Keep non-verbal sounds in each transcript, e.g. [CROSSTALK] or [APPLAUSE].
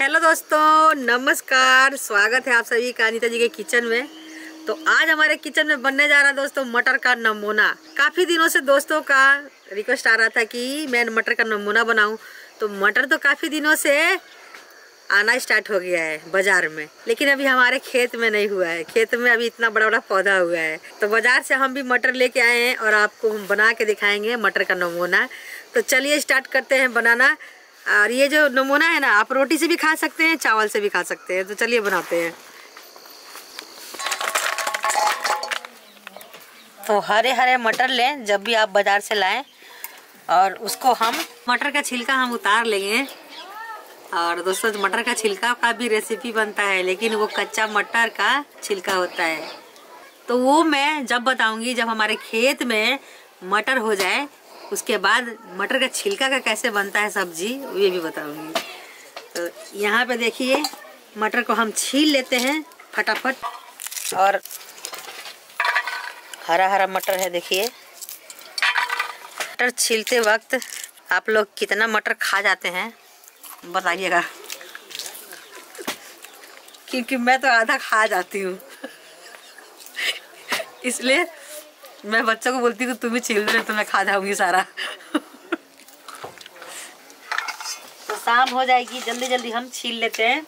Hello दोस्तों नमस्कार स्वागत है आप सभी का अनिता जी के किचन में तो आज हमारे किचन में बनने जा रहा दोस्तों मटर का नमूना काफ़ी दिनों से दोस्तों का रिक्वेस्ट आ रहा था कि मैं मटर का नमूना बनाऊं तो मटर तो काफ़ी दिनों से आना स्टार्ट हो गया है बाजार में लेकिन अभी हमारे खेत में नहीं हुआ है खेत में अभी इतना बड़ा बड़ा पौधा हुआ है तो बाजार से हम भी मटर लेके आए हैं और आपको हम बना के दिखाएंगे मटर का नमूना तो चलिए स्टार्ट करते हैं बनाना और ये जो नमूना है ना आप रोटी से भी खा सकते हैं चावल से भी खा सकते हैं तो चलिए बनाते हैं तो हरे हरे मटर लें जब भी आप बाज़ार से लाएं और उसको हम मटर का छिलका हम उतार लेंगे और दोस्तों मटर का छिलका का भी रेसिपी बनता है लेकिन वो कच्चा मटर का छिलका होता है तो वो मैं जब बताऊंगी जब हमारे खेत में मटर हो जाए उसके बाद मटर का छिलका का कैसे बनता है सब्जी ये भी बताऊंगी तो यहाँ पे देखिए मटर को हम छील लेते हैं फटाफट और हरा हरा मटर है देखिए मटर छीलते वक्त आप लोग कितना मटर खा जाते हैं बताइएगा क्योंकि मैं तो आधा खा जाती हूँ [LAUGHS] इसलिए मैं बच्चों को बोलती हूँ तुम ही छील रहे तो मैं खा जाऊंगी सारा तो शाम हो जाएगी जल्दी जल्दी हम छील लेते हैं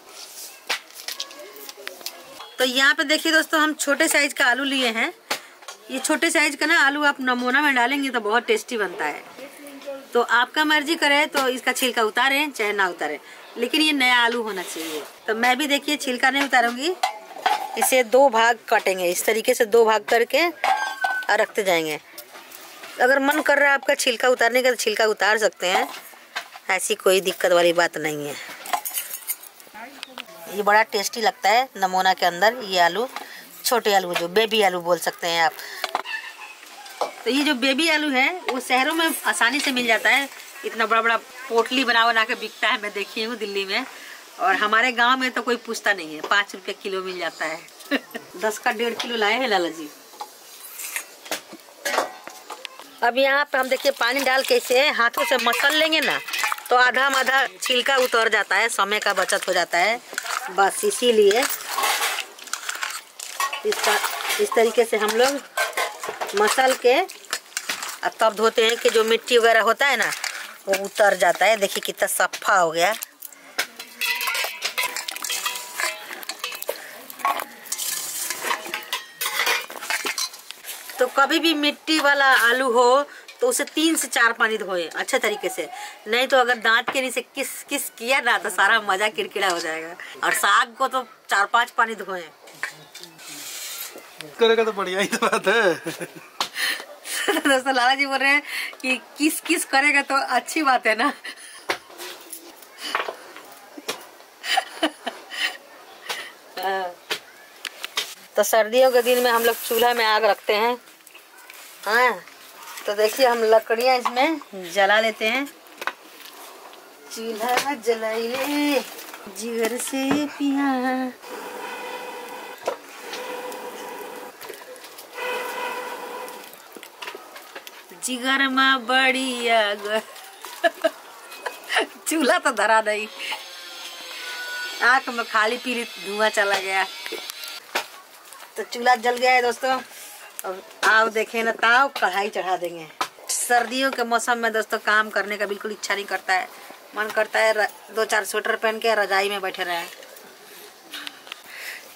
तो यहाँ पे देखिए दोस्तों हम छोटे साइज का आलू लिए हैं ये छोटे साइज का ना आलू आप नमूना में डालेंगे तो बहुत टेस्टी बनता है तो आपका मर्जी करे तो इसका छिलका उतारें चाहे ना उतारे लेकिन ये नया आलू होना चाहिए तो मैं भी देखिए छिलका नहीं उतारूंगी इसे दो भाग काटेंगे इस तरीके से दो भाग करके रखते जाएंगे अगर मन कर रहा है आपका छिलका उतारने का तो छिलका उतार सकते हैं ऐसी कोई दिक्कत वाली बात नहीं है ये बड़ा टेस्टी लगता है नमोना के अंदर ये आलू छोटे आलू जो बेबी आलू बोल सकते हैं आप तो ये जो बेबी आलू है वो शहरों में आसानी से मिल जाता है इतना बड़ा बड़ा पोटली बना बना के बिकता है मैं देखी हूँ दिल्ली में और हमारे गांव में तो कोई पूछता नहीं है पाँच रुपये किलो मिल जाता है [LAUGHS] दस का डेढ़ किलो लाए हैं लाला जी अब यहाँ पर हम देखिए पानी डाल के इसे हाथों से मसल लेंगे ना तो आधा में आधा छिलका उतर जाता है समय का बचत हो जाता है बस इसीलिए इसका इस तरीके से हम लोग मसल के तब धोते हैं कि जो मिट्टी वगैरह होता है ना वो उतर जाता है देखिए कितना सफ़ा हो गया कभी भी मिट्टी वाला आलू हो तो उसे तीन से चार पानी धोए अच्छे तरीके से नहीं तो अगर दांत के नीचे किस किस किया ना तो सारा मजा किरकिरा हो जाएगा और साग को तो चार पांच पानी धोए करेगा तो बढ़िया ही तो बात है [LAUGHS] दोस्तों लाला जी बोल रहे हैं कि किस किस करेगा तो अच्छी बात है ना [LAUGHS] हाँ। तो सर्दियों के दिन में हम लोग चूल्हा में आग रखते हैं हाँ तो देखिए हम लकड़ियाँ इसमें जला लेते हैं चूल्हा जलाइए जिगर से पिया जिगर में बड़ी आग चूल्हा तो धरा नहीं आंख में खाली पीली धुआं चला गया तो चूल्हा जल गया है दोस्तों और आओ देखे ना ताव कढ़ाई चढ़ा देंगे सर्दियों के मौसम में दोस्तों काम करने का बिल्कुल इच्छा नहीं करता है मन करता है दो चार स्वेटर पहन के रजाई में बैठे रहें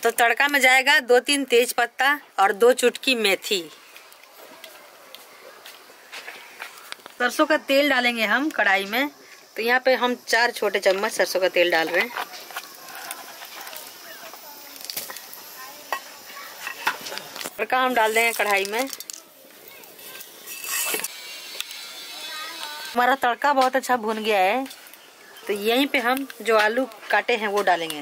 तो तड़का में जाएगा दो तीन तेज पत्ता और दो चुटकी मेथी सरसों का तेल डालेंगे हम कढ़ाई में तो यहाँ पे हम चार छोटे चम्मच सरसों का तेल डाल रहे हैं प्रकार हम डाल देंगे कढ़ाई में हमारा तड़का बहुत अच्छा भुन गया है तो यहीं पे हम जो आलू काटे हैं वो डालेंगे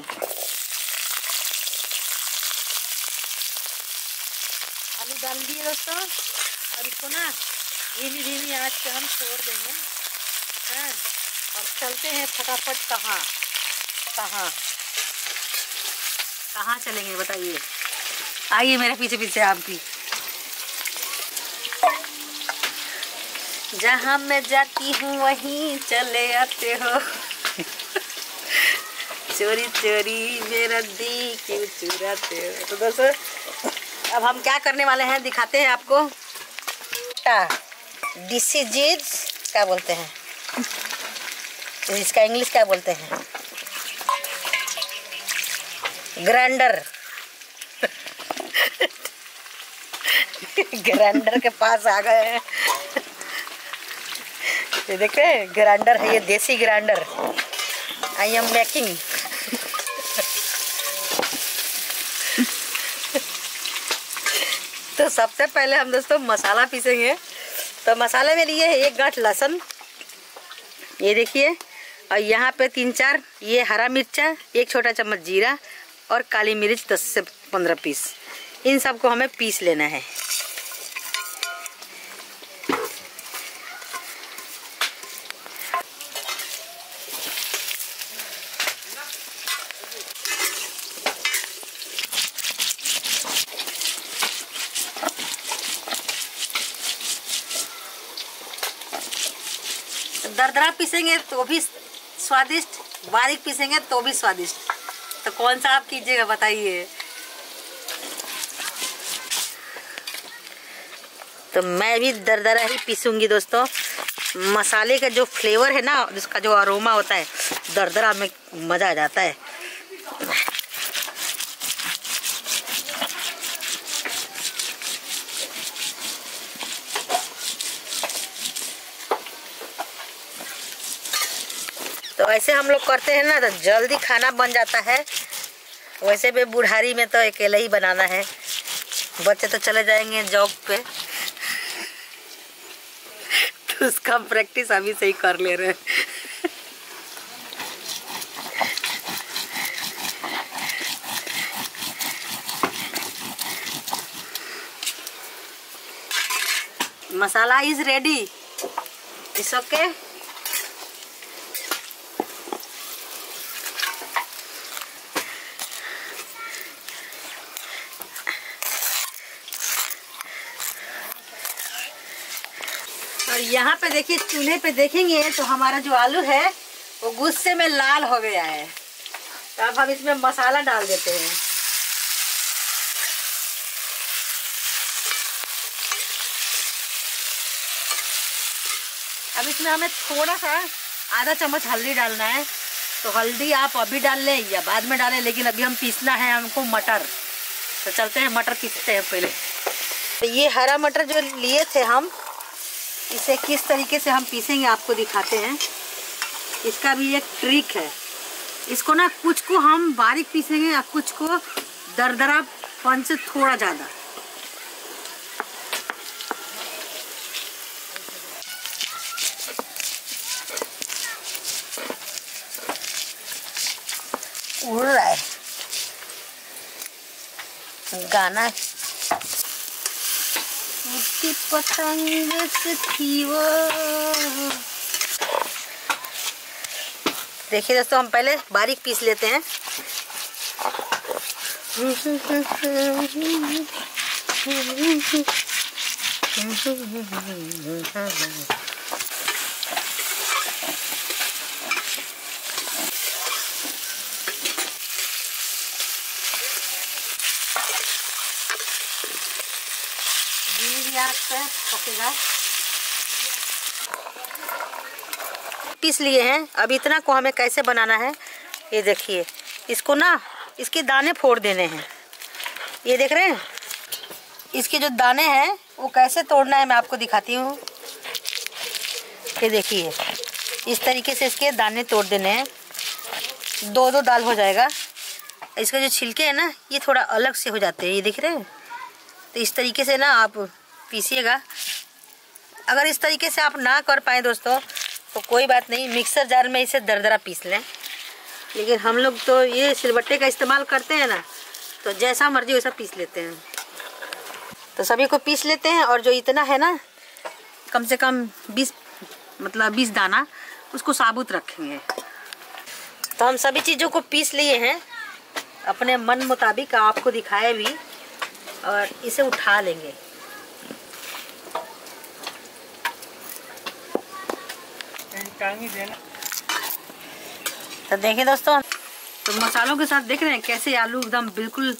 आलू डाल दिए दोस्तों और इसको ना धीमी धीमी आँच पे हम छोड़ देंगे हैं और चलते हैं फटाफट कहाँ कहाँ कहाँ चलेंगे बताइए आइए मेरे पीछे पीछे आप भी जहां मैं जाती हूँ वहीं चले आते हो चोरी चोरी मेरा दी क्यों चुराते हो तो दोस्तों अब हम क्या करने वाले हैं दिखाते हैं आपको डिसीजीज क्या बोलते हैं इसका इंग्लिश क्या बोलते हैं ग्राइंडर ग्राइंडर के पास आ गए ये देख रहे ग्राइंडर है ये देसी ग्राइंडर आई एम मेकिंग तो सबसे पहले हम दोस्तों मसाला पीसेंगे तो मसाले में लिए है एक गांठ लहसुन ये देखिए और यहाँ पे तीन चार ये हरा मिर्चा एक छोटा चम्मच जीरा और काली मिर्च दस से पंद्रह पीस इन सबको हमें पीस लेना है दरदरा पीसेंगे तो भी स्वादिष्ट बारीक पीसेंगे तो भी स्वादिष्ट तो कौन सा आप कीजिएगा बताइए तो मैं भी दरदरा ही पीसूँगी दोस्तों मसाले का जो फ्लेवर है ना उसका जो अरोमा होता है दरदरा में मज़ा आ जाता है तो ऐसे हम लोग करते हैं ना तो जल्दी खाना बन जाता है वैसे भी बुढ़ारी में तो अकेला ही बनाना है बच्चे तो चले जाएंगे जॉब पे उसका प्रैक्टिस अभी से ही कर ले रहे masala is ready it's okay okay. यहाँ पे देखिए चूल्हे पे देखेंगे तो हमारा जो आलू है वो गुस्से में लाल हो गया है तो अब हम इसमें मसाला डाल देते हैं अब इसमें हमें थोड़ा सा आधा चम्मच हल्दी डालना है तो हल्दी आप अभी डाल लें या बाद में डालें लेकिन अभी हम पीसना है हमको मटर तो चलते हैं मटर पीसते हैं पहले तो ये हरा मटर जो लिए थे हम इसे किस तरीके से हम पीसेंगे आपको दिखाते हैं इसका भी एक ट्रिक है इसको ना कुछ को हम बारीक पीसेंगे या कुछ को दरदरा पन से थोड़ा ज़्यादा उड़ रहा है गाना की पतंग थी वो देखिए दोस्तों हम पहले बारीक पीस लेते हैं पकेगा पीस लिए हैं अब इतना को हमें कैसे बनाना है ये देखिए इसको ना इसके दाने फोड़ देने हैं ये देख रहे हैं इसके जो दाने हैं वो कैसे तोड़ना है मैं आपको दिखाती हूँ ये देखिए इस तरीके से इसके दाने तोड़ देने हैं दो दो दाल हो जाएगा इसका जो छिलके हैं ना ये थोड़ा अलग से हो जाते हैं ये देख रहे हैं तो इस तरीके से ना आप पीसिएगा अगर इस तरीके से आप ना कर पाए दोस्तों तो कोई बात नहीं मिक्सर जार में इसे दरदरा पीस लें लेकिन हम लोग तो ये सिलबट्टे का इस्तेमाल करते हैं ना तो जैसा मर्जी वैसा पीस लेते हैं तो सभी को पीस लेते हैं और जो इतना है ना कम से कम बीस मतलब बीस दाना उसको साबुत रखेंगे तो हम सभी चीज़ों को पीस लिए हैं अपने मन मुताबिक आपको दिखाए भी और इसे उठा लेंगे तो देखिए दोस्तों तो मसालों के साथ देख रहे हैं कैसे आलू एकदम बिल्कुल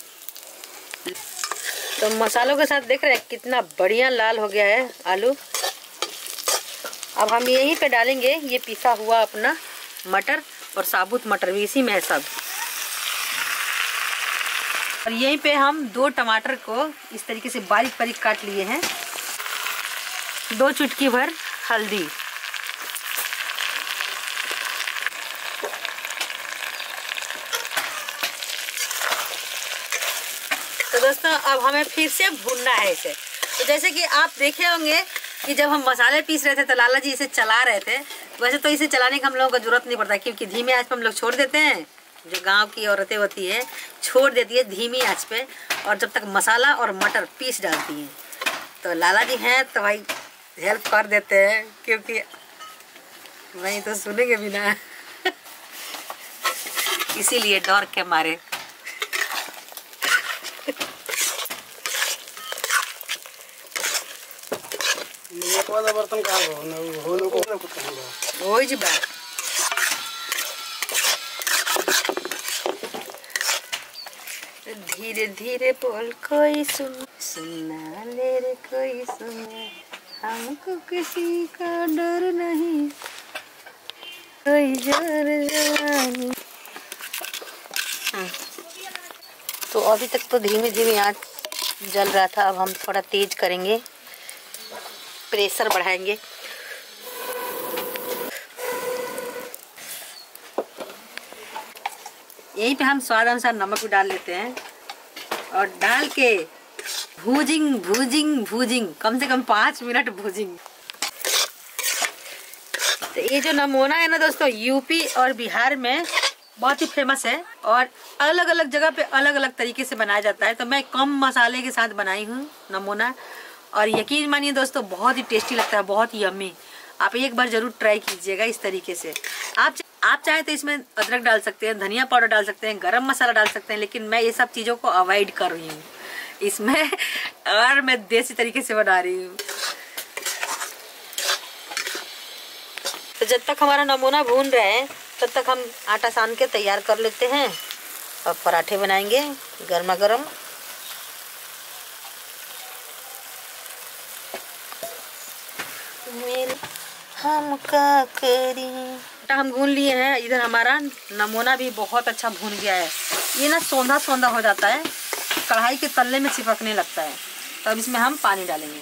तो मसालों के साथ देख रहे हैं कितना बढ़िया लाल हो गया है आलू अब हम यहीं पे डालेंगे ये पिसा हुआ अपना मटर और साबुत मटर भी इसी में है सब और यहीं पे हम दो टमाटर को इस तरीके से बारीक बारीक काट लिए हैं दो चुटकी भर हल्दी दोस्तों अब हमें फिर से भूनना है इसे तो जैसे कि आप देखे होंगे कि जब हम मसाले पीस रहे थे तो लाला जी इसे चला रहे थे वैसे तो इसे चलाने की हम लोगों को जरूरत नहीं पड़ता क्योंकि धीमे आँच पर हम लोग छोड़ देते हैं जो गांव की औरतें होती है छोड़ देती है धीमी आँच पे और जब तक मसाला और मटर पीस डालती हैं तो लाला जी हैं तो भाई हेल्प कर देते हैं क्योंकि नहीं तो सुनेंगे बिना [LAUGHS] इसीलिए डर के मारे वाला बर्तन का हो न हो न को न हो जी बा धीरे धीरे बोल कोई सुन सुना ले रे कोई सुने हमको किसी का डर नहीं कोई जर जवानी तो अभी तक तो धीमे धीमे आँच जल रहा था अब हम थोड़ा तेज करेंगे प्रेशर बढ़ाएंगे यहीं पे हम स्वाद अनुसार नमक भी डाल लेते हैं और डाल के भूजिंग भूजिंग भूजिंग कम से कम पांच मिनट भूजिंग तो ये जो नमूना है ना दोस्तों यूपी और बिहार में बहुत ही फेमस है और अलग अलग जगह पे अलग अलग तरीके से बनाया जाता है तो मैं कम मसाले के साथ बनाई हूँ नमूना और यकीन मानिए दोस्तों बहुत ही टेस्टी लगता है बहुत ही यम्मी आप एक बार जरूर ट्राई कीजिएगा इस तरीके से आप आप चाहे तो इसमें अदरक डाल सकते हैं धनिया पाउडर डाल सकते हैं गरम मसाला डाल सकते हैं लेकिन मैं ये सब चीज़ों को अवॉइड कर रही हूँ इसमें [LAUGHS] और मैं देसी तरीके से बना रही हूँ तो जब तक हमारा नमूना भून रहे हैं तब तक हम आटा सान के तैयार कर लेते हैं और पराठे बनाएंगे गर्मा गर्म हम का करी आटा हम भून लिए हैं इधर हमारा नमूना भी बहुत अच्छा भून गया है ये ना सोंधा सौंधा हो जाता है कढ़ाई के तल्ले में चिपकने लगता है तो अब इसमें हम पानी डालेंगे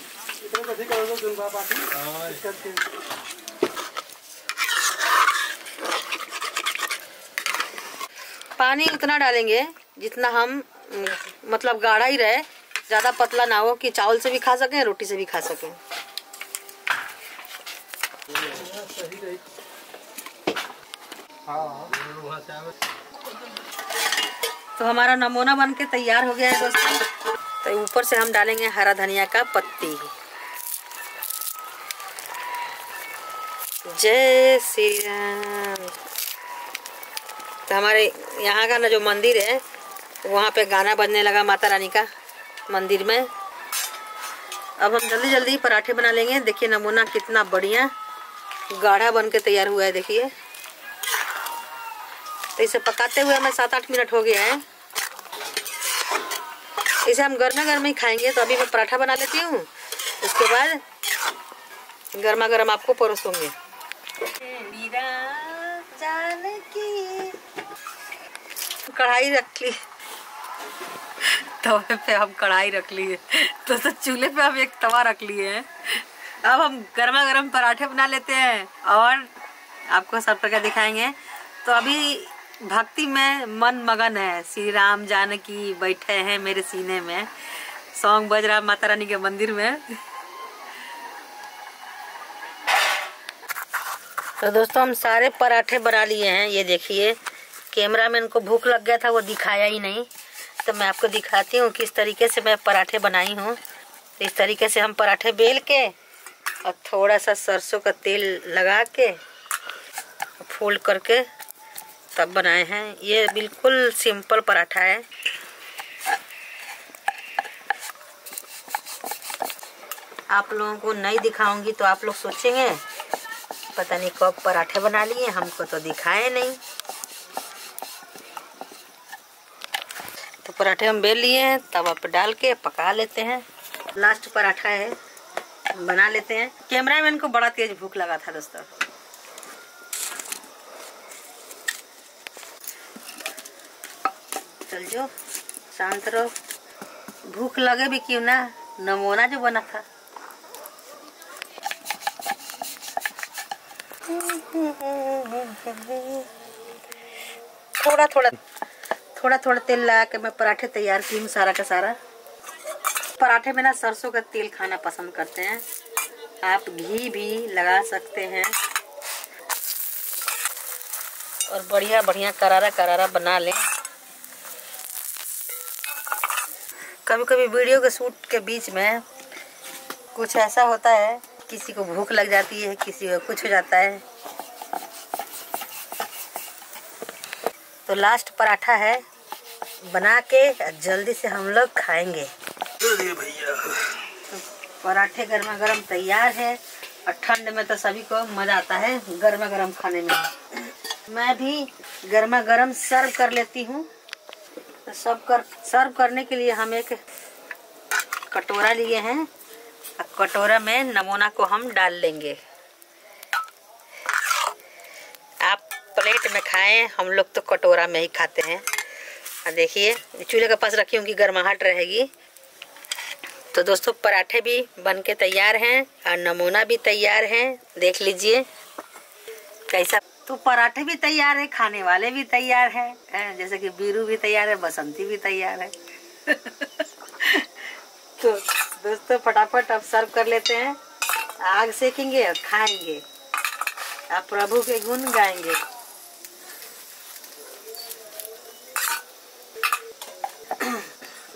पानी उतना डालेंगे जितना हम मतलब गाढ़ा ही रहे ज़्यादा पतला ना हो कि चावल से भी खा सकें रोटी से भी खा सकें तो हमारा नमूना बन के तैयार हो गया है दोस्तों तो ऊपर से हम डालेंगे हरा धनिया का पत्ती जय श्री राम तो हमारे यहाँ का ना जो मंदिर है वहाँ पे गाना बजने लगा माता रानी का मंदिर में अब हम जल्दी जल्दी पराठे बना लेंगे देखिए नमूना कितना बढ़िया गाढ़ा बन के तैयार हुआ है देखिए तो इसे पकाते हुए हमें सात आठ मिनट हो गया है इसे हम गर्मा गर्म ही खाएंगे तो अभी मैं पराठा बना लेती हूँ उसके बाद गर्मा गर्म आपको परोसूंगी कढ़ाई रख ली तवे पे हम कढ़ाई रख ली तो, तो चूल्हे पे हम एक तवा रख लिए हैं अब हम गर्मा गर्म पराठे बना लेते हैं और आपको सब प्रकार दिखाएंगे तो अभी भक्ति में मन मगन है श्री राम जानकी बैठे हैं मेरे सीने में सॉन्ग बज रहा माता रानी के मंदिर में तो दोस्तों हम सारे पराठे बना लिए हैं ये देखिए कैमरा में इनको भूख लग गया था वो दिखाया ही नहीं तो मैं आपको दिखाती हूँ किस तरीके से मैं पराठे बनाई हूँ तो इस तरीके से हम पराठे बेल के और थोड़ा सा सरसों का तेल लगा के फोल्ड करके तब बनाए हैं ये बिल्कुल सिंपल पराठा है आप लोगों को नहीं दिखाऊंगी तो आप लोग सोचेंगे पता नहीं कब पराठे बना लिए हमको तो दिखाए नहीं तो पराठे हम बेल लिए हैं तब आप डाल के पका लेते हैं लास्ट पराठा है बना लेते हैं कैमरामैन को बड़ा तेज भूख लगा था दोस्तों चल जो शांत रहो भूख लगे भी क्यों ना नमोना जो बना था थोड़ा थोड़ा थोड़ा थोड़ा तेल लगा के मैं पराठे तैयार की हूँ सारा का सारा पराठे में ना सरसों का तेल खाना पसंद करते हैं आप घी भी लगा सकते हैं और बढ़िया बढ़िया करारा करारा बना लें कभी कभी वीडियो के शूट के बीच में कुछ ऐसा होता है किसी को भूख लग जाती है किसी को कुछ हो जाता है तो लास्ट पराठा है बना के जल्दी से हम लोग खाएंगे भैया तो पराठे गर्मा गर्म तैयार है और ठंड में तो सभी को मज़ा आता है गर्मा गर्म खाने में मैं भी गर्मा गर्म सर्व कर लेती हूँ तो सब कर सर्व करने के लिए हम एक कटोरा लिए हैं कटोरा में नमूना को हम डाल लेंगे आप प्लेट में खाएं हम लोग तो कटोरा में ही खाते हैं और देखिए चूल्हे के पास रखी होंगी गर्माहट रहेगी तो दोस्तों पराठे भी बन के तैयार हैं और नमूना भी तैयार हैं देख लीजिए कैसा तो पराठे भी तैयार है खाने वाले भी तैयार है जैसे कि बीरू भी तैयार है बसंती भी तैयार है [LAUGHS] तो दोस्तों फटाफट अब सर्व कर लेते हैं आग सेकेंगे और खाएंगे आप प्रभु के गुण गाएंगे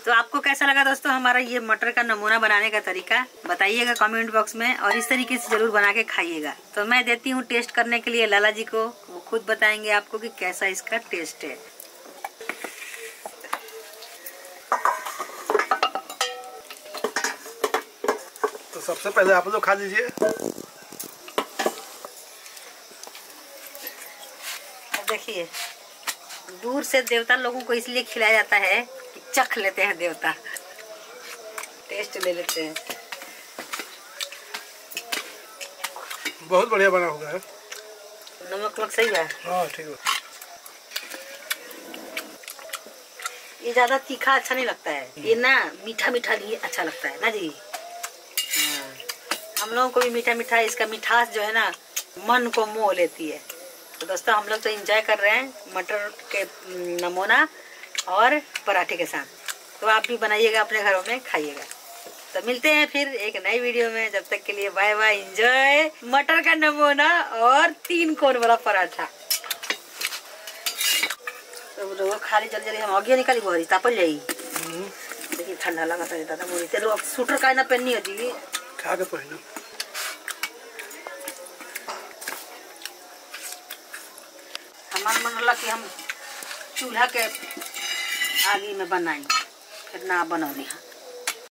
तो आपको कैसा लगा दोस्तों हमारा ये मटर का नमूना बनाने का तरीका बताइएगा कमेंट बॉक्स में और इस तरीके से जरूर बना के खाइएगा तो मैं देती हूँ टेस्ट करने के लिए लाला जी को वो खुद बताएंगे आपको कि कैसा इसका टेस्ट है तो सबसे पहले आप लोग खा लीजिए देखिए दूर से देवता लोगों को इसलिए खिलाया जाता है चख लेते हैं देवता टेस्ट ले लेते हैं बहुत बढ़िया बना होगा नमक नमक सही है हाँ ठीक है ये ज्यादा तीखा अच्छा नहीं लगता है ये ना मीठा मीठा लिए अच्छा लगता है ना जी हाँ। हम लोगों को भी मीठा मीठा इसका मिठास जो है ना मन को मोह लेती है तो दोस्तों हम लोग तो एंजॉय कर रहे हैं मटर के नमूना और पराठे के साथ तो आप भी बनाइएगा अपने घरों में खाइएगा तो मिलते हैं फिर एक नई वीडियो में जब तक के लिए बाय बाय एंजॉय मटर का नमूना और तीन कोन वाला पराठा तो खाली जल्दी जल्दी हम अगिया निकाली बोरी तापल जाई देखिए ठंडा लगा था दादा बोरी चलो अब सूटर का ना पहननी होती जी खा के पहनो हमारा मन होला कि हम चूल्हा के आगे में बनाई फिर ना बनौली हाँ